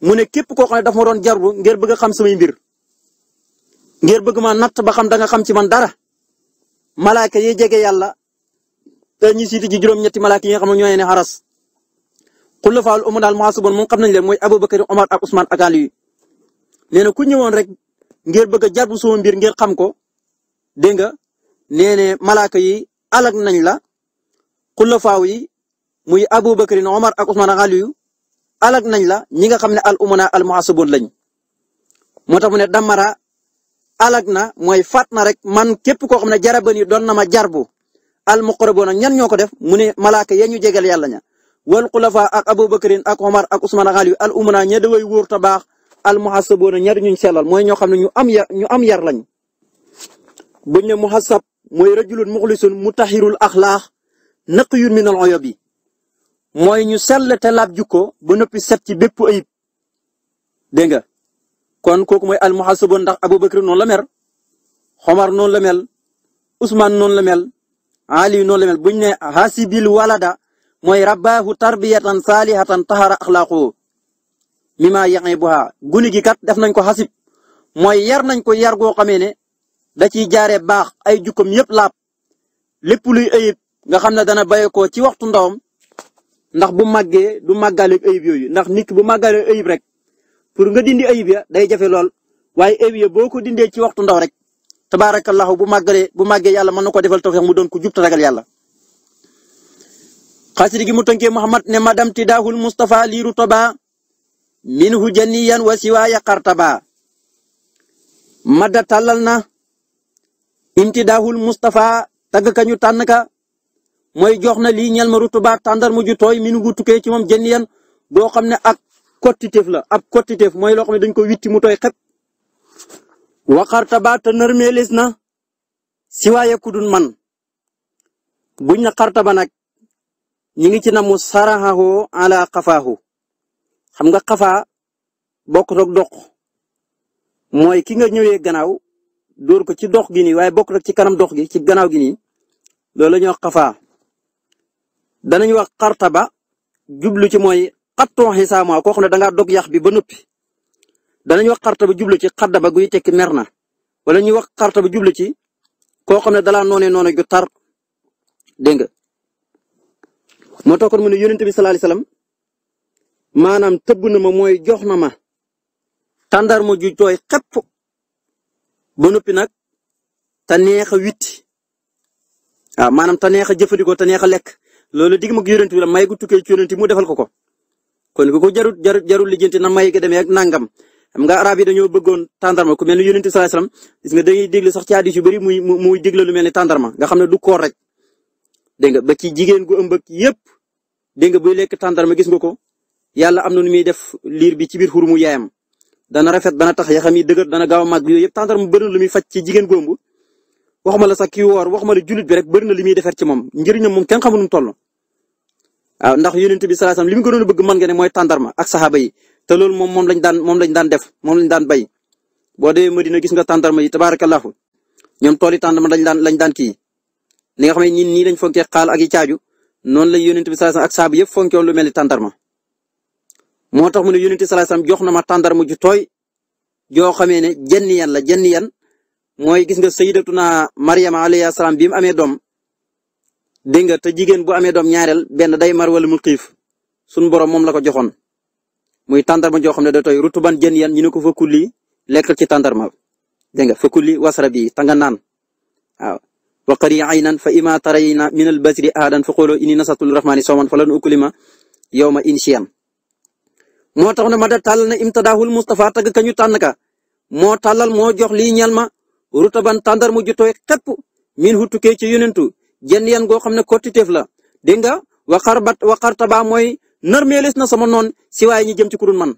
mu ne képp koo xam ne dafa ma doon jarbu ngir bëgg xam samay mbir bëgg ma natt ba xam da nga xam ci man dara malaaka yi jege yàlla a ñi siiti ci juróom-ñetti malaaka yi nga xam ne ñoo ne xaras xulafaa'ul umm daal muhaasabun moom xam nañ leen mooy Abubakar Omar ak Ousmane ak Ali nee ku ñëwoon rek ngir bëgg a jarbu sama mbir ngir xam ko dégg nga nee ne yi alag nañ la xulafaaw yi muy Abubakar Omar ak Ousmane ak Ali alak nañ la ñi nga xam ne al umana al muhasabun lañ moo tax damara alak na mooy faat na rek man képp koo xam ne jaraban yi doon na ma jarbu al muqrabuna ñan ñoo ko def mu ne malaaka ya ñu jegal yàlla ña wal xulafa ak abubakarin ak omar ak usman ak ali al umana ña da way wóor ta baax al muhasabuna ñaar ñuñ sellal mooy ñoo xam ne ñu am yar ñu am yar lañ buñ ne muhasab mooy rajulun muxlisun mutahirul axlaax naqiyun min al oyob yi mooy ñu sell te laab jukko ba noppi set ci bépp ayib dégg nga kon kooku mooy almuhasabun ndax Aboubacar noonu la mer Omar noonu la mel Ousmane noonu la mel noonu la mel buñ ne hasibil walada mooy rabbaahu tarbiyatan saalihatan tahara axlaaqu mimmaa ya'ibuha guni gi kat def nañ ko hasib mooy yar nañ ko yar goo xamee ne da ciy jaaree baax ay jukkoom yëpp laab lépp luy ayib nga xam ne dana bayee ko ci waxtu ndawam ndax bu màggee du màggaaleeg ayib yooyu ndax nit bu màggaaleeg ayib rek pour nga dindi ayib ya day jafe lool waaye ayib ya boo ko dindee ci waxtu ndaw rek tabaarakallahu bu màggalee bu màggee yàlla mën na ko defal tawfiq mu doon ko jub te ragal yàlla. xasida gi mu tënkee Muhammad ne madam tidaahul Mustafa liiru toba minhu janiyan wa siwa yaqar taba madda tàllal na imtidaahul Mustafa tagg ka ñu tànn ka mooy jox na lii ñel ma rutubaat tàndar mu ju tooy mi nu gu tukkee ci moom jënd yan boo xam ne ak kottiteef la ab kottiteef mooy loo dañ ko witti mu tooy xep. waxarta ba te nërmeelis na si waaye ku man buñ na xarta ba nag ñi ngi ci namu saraxahu ala xafaahu xam nga xafaa bokkut ak dox mooy ki nga ñëwee gannaaw dóor ko ci dox gi nii waaye bokkut ak ci kanam dok gi ci gannaaw gi nii loolu la ñoo danañ wax ba jublu ci mooy xatton xisaama koo xam ne dangaa dog yax bi ba noppi danañ wax xartaba jublu ci xaddaba guy tekki mer na wala ñuy wax xartaba jublu ci koo xam ne dala noonee noonu ju tar dégg nga moo tax kon mu ne yonent bi sallallahu alayhi maanaam tëb na ma mooy jox na ma tàndarma ju tooy xepp ba noppi nag te neex a witti waaw maanaam te neex a jëfandikoo te a lekk loolu digg mag yonent may gu tukkee ci yonent mu defal ko ko kon ku ko jarut jarut jarut na may ga demee ak nangam xam nga arab yi dañoo bëggoon tàndarma ku mel ni yonent bi sallallahu alayhi wasallam gis nga dañuy sax ci hadis yu bëri muy muy digle lu mel ni tàndarma nga xam ne du koor rek dégg nga ba ci jigéen gu ëmb ak yépp dégg nga buy lekk tàndarma gis nga ko yàlla am na nu muy def liir bi ci biir mu yayam dana rafet dana tax yaxam yi dëgër dana gaaw a màgg yooyu yëpp tàndarma bëri lu muy faj ci jigéen gu ëmb waxuma la sa kii woor waxuma la jullit bi rek bëri na li muy defar ci moom njëriñam moom kenn xamu nu mu toll. waaw ndax yonent bi sallallahu alayhi wasallam li mu gënoon a bëgg mën nga ne mooy tàndarma ak saxaaba yi te loolu moom moom lañ daan moom lañ daan def moom lañ daan bay boo dee dina gis nga tàndarma yi tabaarakallaahu ñoom tool yi tàndarma lañ daan lañ daan kii li nga xam ne ñin nii lañ fonke xaal ak i caaju noonu lañ yonent bi sallallahu alayhi wasallam ak saxaaba yëpp fonkewoon lu mel ni tàndarma moo tax mu ne yonent sallallahu alayhi wasallam jox na ma tàndarma ju tooy joo xamee ne jenn yan la jenn yan mooy gis nga sayyidatuna Maryam alayhi salaam bi mu amee doom dégg nga te jigéen bu amee doom ñaareel benn day mar wala mu xiif sunu borom moom la ko joxoon muy tàndarma joo xam ne da tooy rutuban jën yan ñu ne ko fa kulli lekkal ci tàndarma dégg nga fa kulli wasrabi tanga naan waaw. wa qari aynan fa ima tarayna min al basri ahadan fa qulu inni nasatu lirrahmani sawman falan uklima yawma insiyan moo tax ne ma da tàll na imtadaahul Mustafa tagg ka ñu tànn ka moo tàllal moo jox rutaban tàndar mu ju tooy xepp min hu tukkee ci yonentu jenn yan goo xam ne kottiteef la dégg nga waxar bat waxar taba mooy nërmeelis na sama noon si waaye ñi jëm ci ku dul man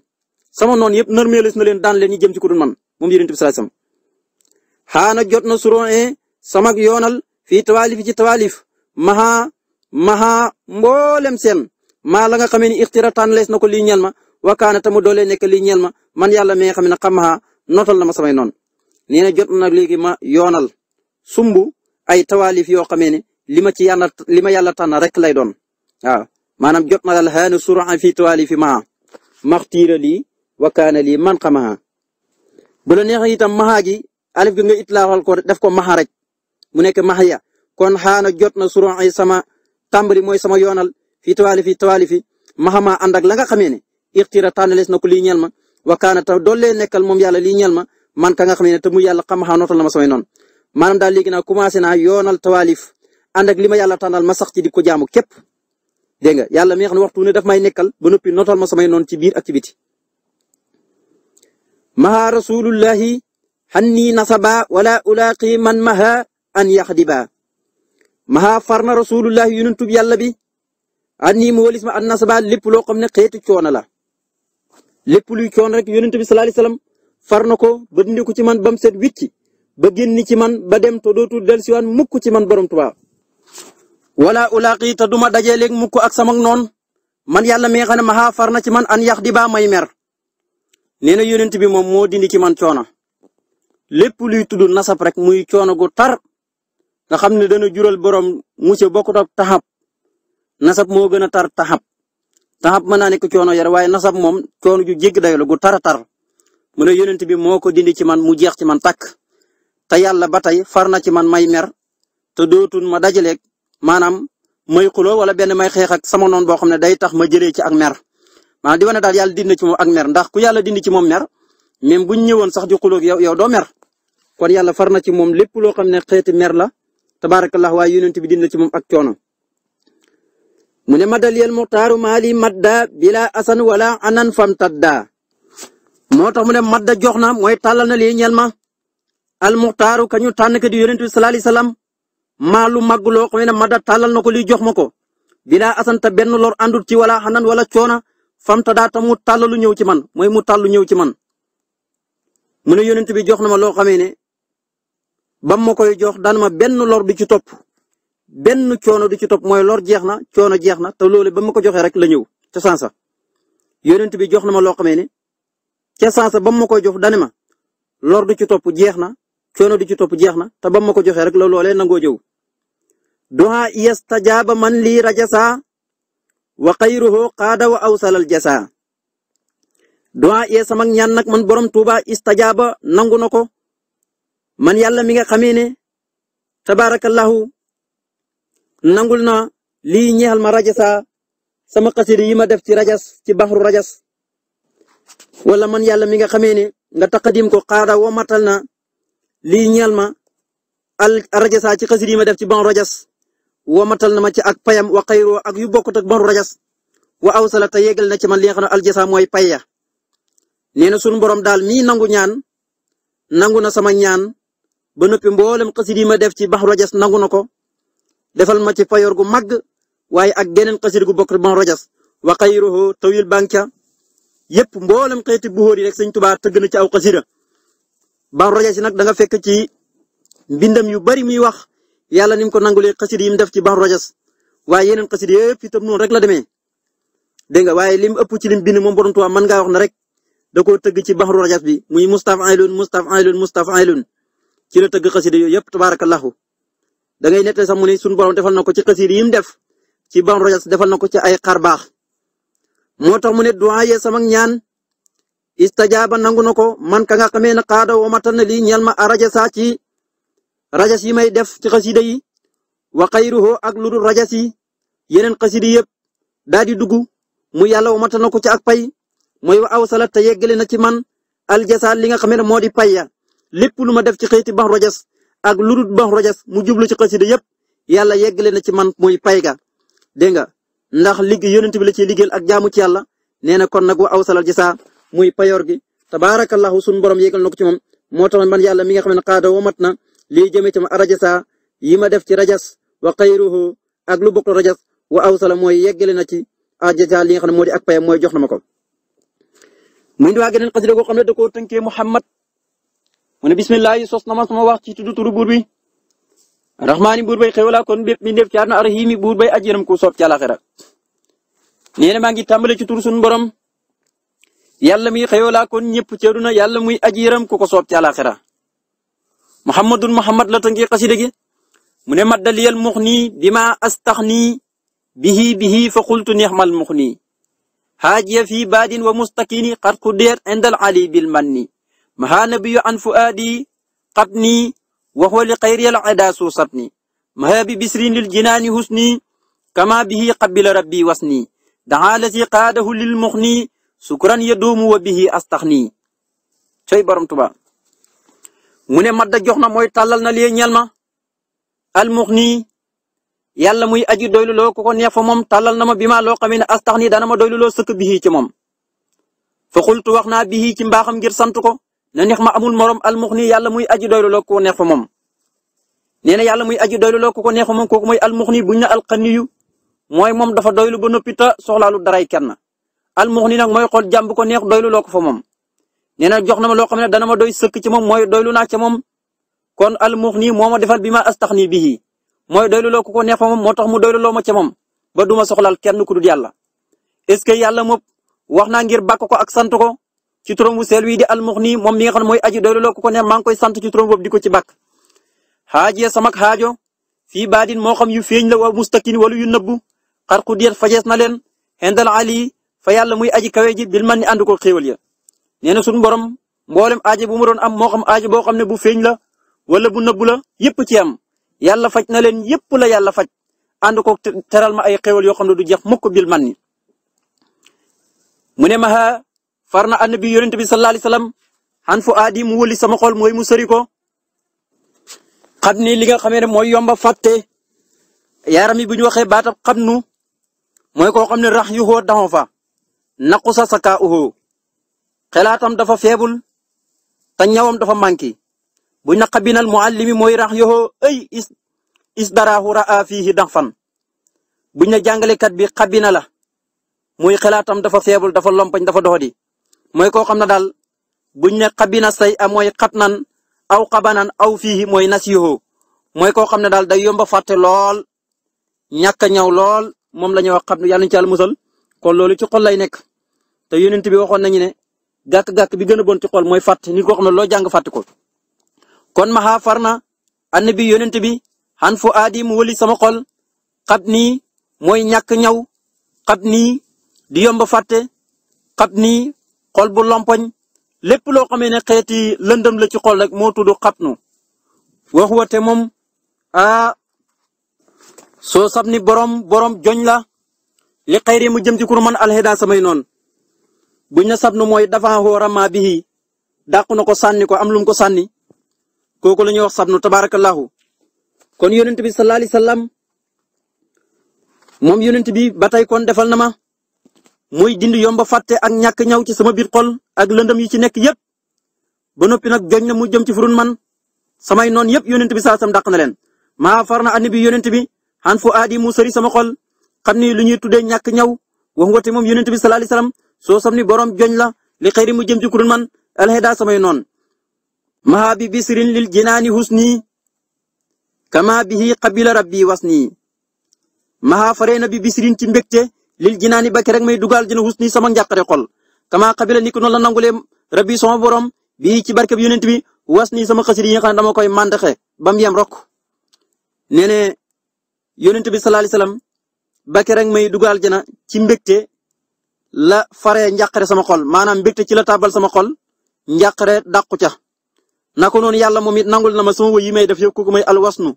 sama noon yëpp nërmeelis na leen daan leen ñi jëm ci ku dul man moom yonent bi sallallahu alayhi wasallam jot na suron e samak yoonal fii tawaalif ci tawaalif maha maha mboolem seen maa la nga xamee ni ixtirataan les na ko lii ñeel ma wakaana tamu doolee nekk lii ñeel ma man yàlla mi nga xam ne xam maha nootal na ma samay noonu nee na jot na léegi ma yoonal sumbu ay tawaalif yoo xamee ne li ma ci yàlla li ma yàlla tànn rek lay doon a maanaam jot na daal xaana suran fi tawaalifi maa maxtiira lii wakaana lii man xamaa bu la neexee itam maxaa gi alif gi nga itlaaxal ko def ko maxa rek mu nekk maxya kon xaana jot na suran ay sama tàmbali mooy sama yoonal fi tawaalifi tawaalifi maxamaa ànd ak la nga xamee ne ixtira na ko lii ñeel ma wakaana taw doole nekkal moom yàlla lii man ka nga xam ne te mu yàlla xam a nootal na ma samay noonu maanaam daal léegi na commencé naa yoonal tawaalif ànd ak li ma yàlla tànnal ma sax ci di ko jaamu képp dégg nga yàlla mi nga xam ne waxtu ne daf may nekkal ba noppi nootal ma samay noonu ci biir activité maha rasulullahi xanni nasaba wala ulaaqi man maha an yaxdiba maha farna rasulullahi yunentub yàlla bi anni mu walis ma an nasaba lépp loo xam ne xeetu coono la lépp luy rek yonent bi sallallahu alayhi far na ko ba dindi ko ci man ba mu set wicci ba génn ci man ba dem te dootul dellusiwaat mukk ci man borom Tuubaa wala ulaaqi te duma dajee léeg mukk ak sama noon man yàlla mi nga xam ne maxaa far na ci man an yax di baa may mer nee na yonent bi moom moo dindi ci man coono lépp luy tudd nasab rek muy coono gu tar nga xam ne dana jural borom mucc bokkut ak taxab nasab moo gën a tar taxab taxab mën naa nekk coono yar waaye nasab moom coono ju jéggi dayo la gu tar a tar mu ne yonent bi moo ko dindi ci man mu jeex ci man tàkk te yàlla ba tey far na ci man may mer te dootul ma dajaleeg maanaam may xuloo wala benn may xeex ak sama noon boo xam ne day tax ma jëlee ci ak mer maanaam di wane daal yàlla dindi ci moom ak mer ndax ku yàlla dindi ci moom mer même bu ñu ñëwoon sax di xuloo yow yow doo mer kon yàlla far na ci moom lépp loo xam ne xeeti mer la tabaarakallah waaye yonent bi dindi ci moom ak coono. mu ne madaliyal muxtaaru maali madda bila asan moo tax mu ne madda jox na mooy tàllal na lii ñeel ma al muxtaaru ka ñu tànn ka di yonent bi sallallahu alayhi maa lu mag loo xam ne madda tàllal na ko lii jox ma ko bilaa asanta benn lor àndut ci wala xanan wala coona fam ta daata mu lu ñëw ci man mooy mu tàllu ñëw ci man mu ne yonent bi jox na ma loo xamee ne ba ma koy jox daan ma benn lor du ci topp benn coono du ci top mooy lor jeex na coono jeex na te loole ba ma ko joxee rek la ñëw ca sansa yonent bi jox na ma loo xamee ne ca saasa ba ma koy jox dani ma lor du ci topp jeex na coono du ci topp jeex na te ba ma ko joxee rek la loolee nangoo jëw duha yastajaaba man lii rajasa wa xayruhu qaada wa awsalal jasa duha yee sama ñaan nag man borom tuuba istajaaba nangu na ko man yàlla mi nga xamee ne tabaarakallahu nangul na li ñeexal ma rajasa sama xasida yi ma def ci rajas ci baxru rajas wala man yàlla mi nga xamee ne nga taqadim ko xaada wa matal na lii ñeel ma ci xasida yi ma def ci ban rajas wa matal na ma ci ak payam wa ak yu bokkut ak ban rajas wa awsala te yeggal na ci man li nga xam aljasa mooy paya nee na sunu borom daal mii nangu ñaan nangu na sama ñaan ba noppi mboolem xasida yi ma def ci ban rajas nangu na ko defal ma ci payoor gu màgg waaye ak geneen xasida gu bokk ban rajas wa xayroo tawil banka yëpp mboolem xeeti buxóor yi rek sëñ Tuubaa tëgg na ci aw xasida Babou Radiassi nag da nga fekk ci mbindam yu bari muy wax yalla ni mu ko nangulee xasida yi mu def ci Babou Radiassi waaye yeneen xasida yëpp itam noonu rek la demee dégg nga waaye lim ëpp ci lim bind moom borom Tuubaa mën ngaa wax na rek da koo tëgg ci Babou Radiassi bi muy Moustapha Ayloun Moustapha Ayloun Moustapha Ayloun ci la tëgg xasida yooyu yëpp tabaarakallaahu da ngay nette sax mu ne suñu borom defal na ko ci xasida yi mu def ci Babou Radiassi defal na ko ci ay xar moo tax mu ne du'a yee sama ñaan istajaaba nangu na ko man ka nga xamee na xaada wa matal na lii ñeel ma arajas saa ci rajas yi may def ci xasida yi wa xayruhu ak lu dul rajas yi yeneen xasida yëpp daal di dugg mu yàlla wa matal na ko ci ak pay mooy wa aw salat te yeggale na ci man aljasa li nga xamee ne moo di pay lépp lu ma def ci xëyti ban rajas ak lu du ban rajas mu jublu ci xasida yëpp yàlla yeggale na ci man muy pay ga dégg ndax liggéey yonent bi la ci liggéeyal ak jaamu ci yàlla nee na kon nag wa awsalal jisaa muy payoor gi tabaarakallahu sunu borom yéegal na ko ci moom moo tax man yàlla mi nga xam ne xaada mat na lii jëmee ci ma arajasa yi ma def ci rajas wa xayruhu ak lu bokk rajas wa awsala mooy yeggale na ci arajasa li nga xam ne moo di ak payam mooy jox na ma ko. mu indi waa geneen xasida goo xam ne da koo tënkee Muhammad mu ne bismillah sos na ma sama wax ci tuddu turu buur bi. raxmaani buur bay xewlaa kon bépp mi ndéef ci àdduna arxiimi buur bay aj soob ci àlaxira maa ngi tàmbale ci tur suñu borom yàlla mi xewlaa kon ñëpp ci àdduna yàlla muy aj yërëm ko soob ci àlaxira muhammadun muhammad la tënki xasida gi mu ne maddaliyal mux nii bima astaxni bihi bihi fa xultu nixmal mux nii haajiya fi baadin wa mustakini xat xudeer indal ali bil man ni maha nabiyu an fuaadi xat wax waxwa li xayri al adaasu satni mahaabi bisrin lil jinaani husni kama bihi qabila rabbi wasni daxa lati qaadahu lil muxni sukran yaduumu wa bihi ni coy borom tuba mu ne madda jox na mooy tàllal na lee ñel ma al muxni yàlla muy aji doylu loo ko ko neex fa moom tàllal na ma bi ma loo xamee ne astaxni dana ma doylu loo sëkk bihi ci moom fa xultu wax naa bihi ci mbaaxam ngir sant ko na neex ma amul morom almuxni yàlla muy aji doylu loo ko neex fa moom nee na yàlla muy aji doylu loo ko neex fa moom kooku mooy almuxni buñ al alxaniyu mooy moom dafa doylu ba noppi te soxlaalu daray kenn almuxni nag mooy xool jàmm bu ko neex doylu ko fa moom. nee na jox na ma loo xam ne dana ma doy sëkk ci moom mooy doylu naa ca moom kon almuxni moo ma defal bi ma astaxni bihi mooy doylu ko ko neex fa moom moo tax mu doylu ma ca moom ba duma soxlaal kenn ku dul yàlla est-ce que yàlla moom wax naa ngir bàkk ko ak sant ko ci turam wu seel wii di almuxni moom mi nga xam ne aji doylu loo ko ko ne maa ngi koy sant ci turam boobu di ko ci bàkk samak xaajo fii baadin moo xam yu feeñ la wa mustakin wala yu nëbbu xar xudiyat fajees na leen xendal ali fa yàlla muy aji kawe ji bil man ni ànd ko xéewal ya nee na suñu borom mboolem aajo bu mu am moo xam aajo boo xam ne bu feeñ la wala bu nëbbu la yépp ci am yàlla faj na leen yépp la yàlla faj ànd ko teral ma ay xéewal yoo xam ne du jeex mukk bil man ni ma far na annabi yonent bi sallallahu alayhi wasallam xan fu aadi mu wëli sama xol mooy mu sori ko ni li nga xamee ne mooy yomba fàtte yaaram yi bu ñu waxee baatam xam nu mooy koo xam ne rax yu xoo daxoo fa naqu sa sakaa uxoo xelaatam dafa feebul te ñawam dafa manki bu naqa binal muallimi mooy rax yu xoo ay is is daraahu raa fiihi dax fan buñ na jàngalekat bi xabina la muy xelaatam dafa feebul dafa lompañ dafa doxadi mooy ko xam na daal buñ ne xabina say a mooy xatnan aw xabanan aw fii mooy nasiyoo mooy koo xam ne daal day yomba fàtte lool ñàkk ñaw lool moom la ñuy wax xam ne yàlla nañ ci yàlla musal kon loolu ci xol lay nekk te yonent bi waxoon nañu ne gàkk-gàkk bi gën bon ci xol mooy fàtte nit koo xam ne loo jàng fàtte ko kon maxaa far na annabi bi xan fu aadi mu wëli sama xol xat nii mooy ñàkk ñaw xat ni di yomba fàtte xat ni xol bu lompoñ lépp loo xamee ne xeeti lëndëm la ci xol rek moo tudd xatnu wax wate moom a soo sab ni borom borom joñ la li xayri mu jëm ti kur man alxeda samay noonu buñ na sab nu mooy dafa xoorama bi dàq na ko sànni ko am lum ko sànni kooku la ñuy wax sab nu tabarakallahu kon yonent bi sallallahu alayhi wasallam moom yonent bi ba tey kon defal na ma muy dindi yomba fàtte ak ñàkk ñaw ci sama biir xol ak lëndëm yi ci nekk yépp ba noppi nag joñ na mu jëm ci furun man samay noon yépp yonent bi saasam dàq na leen maa far na annabi yonent bi xan fu aadi mu sëri sama xol xam ni lu ñuy tuddee ñàkk ñaw wax nga moom yonent bi sallallahu alayhi wasallam soo sam ni borom joñ la li xëyri mu jëm ci kurun man alheda samay noon maha bi bisirin lil jinaani husni kama bihi qabila rabbi wasni maha faree na bi bisirin ci mbégte lil jinaani bakki rek may dugal jina xus ni sama njàqare xol kama xabila ni ko noonu la nangulee rabbi sama borom bii ci barkeb yonent bi was ni sama xasida yi nga xam ne dama koy màndaxe ba mu yem rokk ne yonent bi sallallahu alayhi wasallam bakki rek may dugal jina ci mbégte la fare njàqare sama xol maanaam mbégte ci la tàbbal sama xol njàqare dàqu ca na ko noonu yàlla moom it nangul na ma sama wëy yi may def yëpp kooku may alwasnu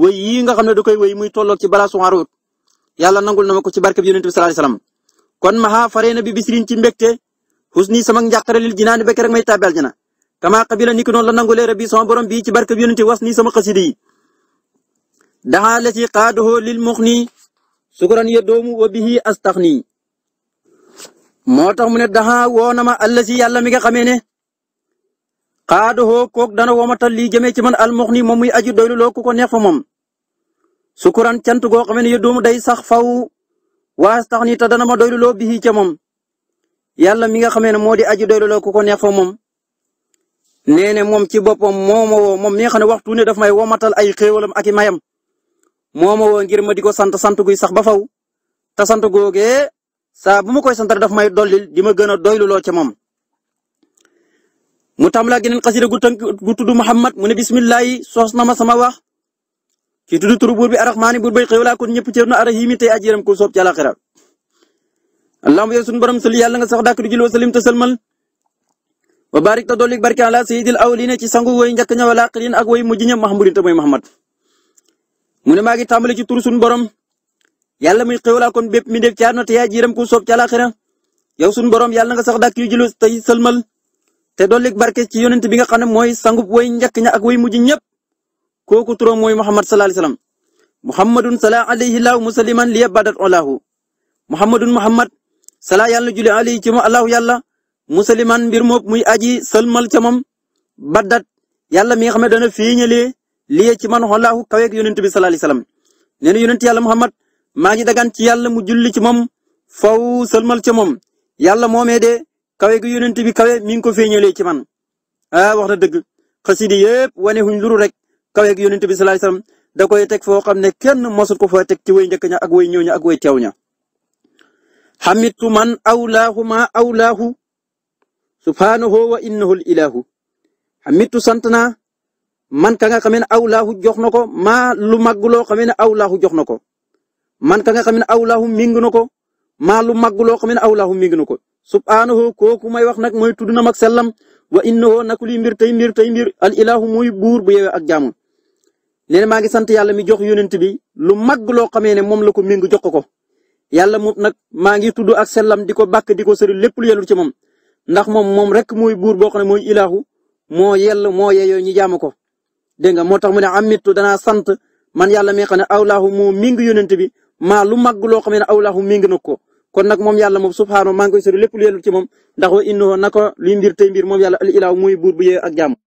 wëy yi nga xam ne da koy wëy muy tolloog ci balaa suwaarut yàlla nangul na ma ko ci barke bi yonent bi kon maxa faree na bi bisrin ci mbégte husni sama njàqare lil jinaan bekk rek may tàbbal jana kama qabila niki noonu la nangulee rabbi sama borom bi ci barke bi yonent was ni sama xasida yi daxa la ci qaadoo lil muxni sukuran ya doomu wa bihi astaxni moo tax mu ne daxa woo na ma si yàlla mi nga xamee ne qaadoo kook dana woomatal lii jamee ci man al muxni moom muy aju doylu loo ku ko neex fa moom sukuraan cant goo xam ne yëdduum day sax faw waas tax ni te dana ma doyluloo bii ca moom yàlla mi nga xamee ne moo di aji doyluloo ku ko neex fa moom nee ne moom ci boppam moo ma moom mi nga xam ne waxtu ne daf may womatal ay xéewalam ak i mayam moo ma woo ngir ma di ko sant sant guy sax ba faw te sant googee saa bu ma koy sant daf may dollil di ma gën a doyluloo ca moom mu tàmbalaa geneen xasida gu tënk gu tudd Muhammad mu ne bismillahi soos na ma sama wax kii tudd turu buur bi arrahmaani buur bay xéewlaa kon ñëpp cër na arrahiimi tey aji soob ci àlaxira allahumma yow borom sëli yàlla nga sax dàkk du jul wa salim te sëlmal wa barik ta dolli barke ala sayyidil awwalina ci sangu way njëkk ña wal aaxirin ak way mujj ña mahmudin te mooy Muhammad ne maa ngi tàmbali ci turu sunu borom yàlla muy xéewlaa kon bépp mi def ci àdduna te yaa ji ko soob ci àlaxira yow sunu borom yàlla nga sax dàkk yu jëloo tey sëlmal te dolli barke ci yonent bi nga xam ne mooy sangu way njëkk ña ak way mujj ñëpp kooku turam mooy Muhammad sallallahu alayhi wasallam Muhammadun salla alayhi laahu musliman li yabadat olaahu Muhammadun Muhammad salla yàlla julli alayhi ci ma allahu yàlla musliman mbir moom muy aji sëlmal ca moom baddat yàlla mi nga xam ne dana feeñalee lii ci man olaahu kaweeg yonent bi sallallahu salam wasallam nee na yonent yàlla Muhammad maa ngi dagaan ci yàlla mu julli ci moom faw sëlmal ca moom yàlla moomee de kaweeg yonent bi kawe mi ngi ko feeñalee ci man ah wax na dëgg xasida yépp wane huñ luru rek. kaweeg yonent bi salaay salaam da koy teg foo xam ne kenn mosut ko fa teg ci way njëkk ña woy way ñëw ña ak way teew ña xamitu man awlaahu ma awlaahu subhaanahu wa innahu l ilaahu xamitu sant naa man ka nga xamee ne awlaahu jox na ko maa lu màgg loo xamee ne awlaahu jox na ko man ka nga xamee ne awlaahu ming na ko maa lu màgg loo xamee ne awlaahu ming na ko subhaanahu kooku may wax nag mooy tudd na mag sellam wa innahu naku li mbir tey mbir tey mbir al ilaahu muy buur bu yeewee ak jaamu nee maa ngi sant yàlla mi jox yonent bi lu màgg loo xamee ne moom la ko méng jox ko ko yàlla mu nag maa ngi tudd ak sellam di ko bàkk di ko sëri lépp lu yellu ci moom ndax moom moom rek mooy buur boo xam ne mooy ilaahu moo yell moo yeyoo ñi jaamu ko. dégg nga moo tax mu ne amittu danaa sant man yàlla mi xam ne awlaahu moo méng yonent bi maa lu màgg loo xamee ne awlaahu méng na ko. kon nag moom yàlla moom subhaanahu maa ngi koy sori lépp lu yellu ci moom ndax wa innahu naka luy mbir tey mbir moom yàlla al ilaahu buur bu yee ak jàmm